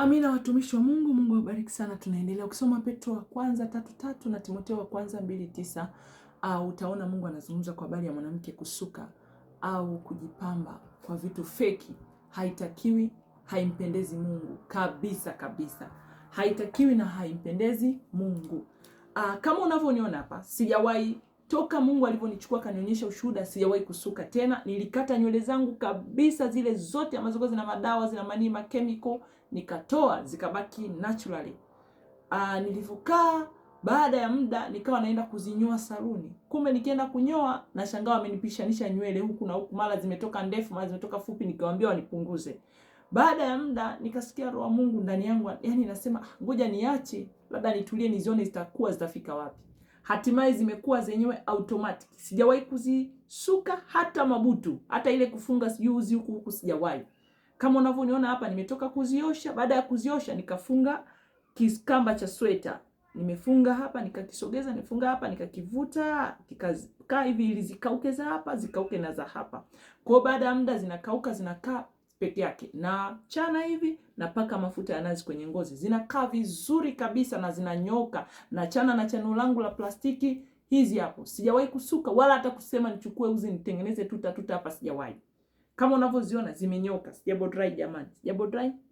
Amina, watumishi wa Mungu, Mungu awabariki sana. Tunaendelea kusoma Petro wa kwanza tatu tatu na Timotheo wa kwanza mbili tisa. Uh, utaona Mungu anazungumza kwa habari ya mwanamke kusuka au kujipamba kwa vitu feki. Haitakiwi, haimpendezi Mungu kabisa kabisa, haitakiwi na haimpendezi Mungu. Uh, kama unavyoniona hapa sijawahi toka Mungu alivyonichukua akanionyesha ushuhuda, sijawahi kusuka tena. Nilikata nywele zangu kabisa, zile zote ambazo zilikuwa zina madawa zina manii ma chemical, nikatoa zikabaki naturally. Ah, nilivyokaa baada ya muda nikawa naenda kuzinyoa saluni. Kumbe nikienda kunyoa na shangaa wamenipishanisha nywele huku na huku, mara zimetoka ndefu, mara zimetoka fupi, nikawaambia wanipunguze. Baada ya muda nikasikia roho Mungu ndani yangu, yani nasema ah, ngoja niache, labda nitulie, nizione zitakuwa zitafika wapi hatimaye zimekuwa zenyewe automatic. Sijawahi kuzisuka hata mabutu, hata ile kufunga sijui uzi huku huku sijawahi. Kama unavyoniona hapa, nimetoka kuziosha. Baada ya kuziosha, nikafunga kikamba cha sweta, nimefunga hapa, nikakisogeza, nimefunga hapa, nikakivuta, kikakaa hivi ili zikauke za hapa, zikauke na za hapa. Kwa baada ya muda zinakauka, zinakaa peke yake, na chana hivi na paka mafuta ya nazi kwenye ngozi, zinakaa vizuri kabisa na zinanyoka. Na chana na chanuo langu la plastiki hizi hapo, sijawahi kusuka wala hata kusema nichukue uzi nitengeneze tuta tuta hapa, sijawahi. Kama unavyoziona zimenyoka, sijabo dry jamani, sijabo dry.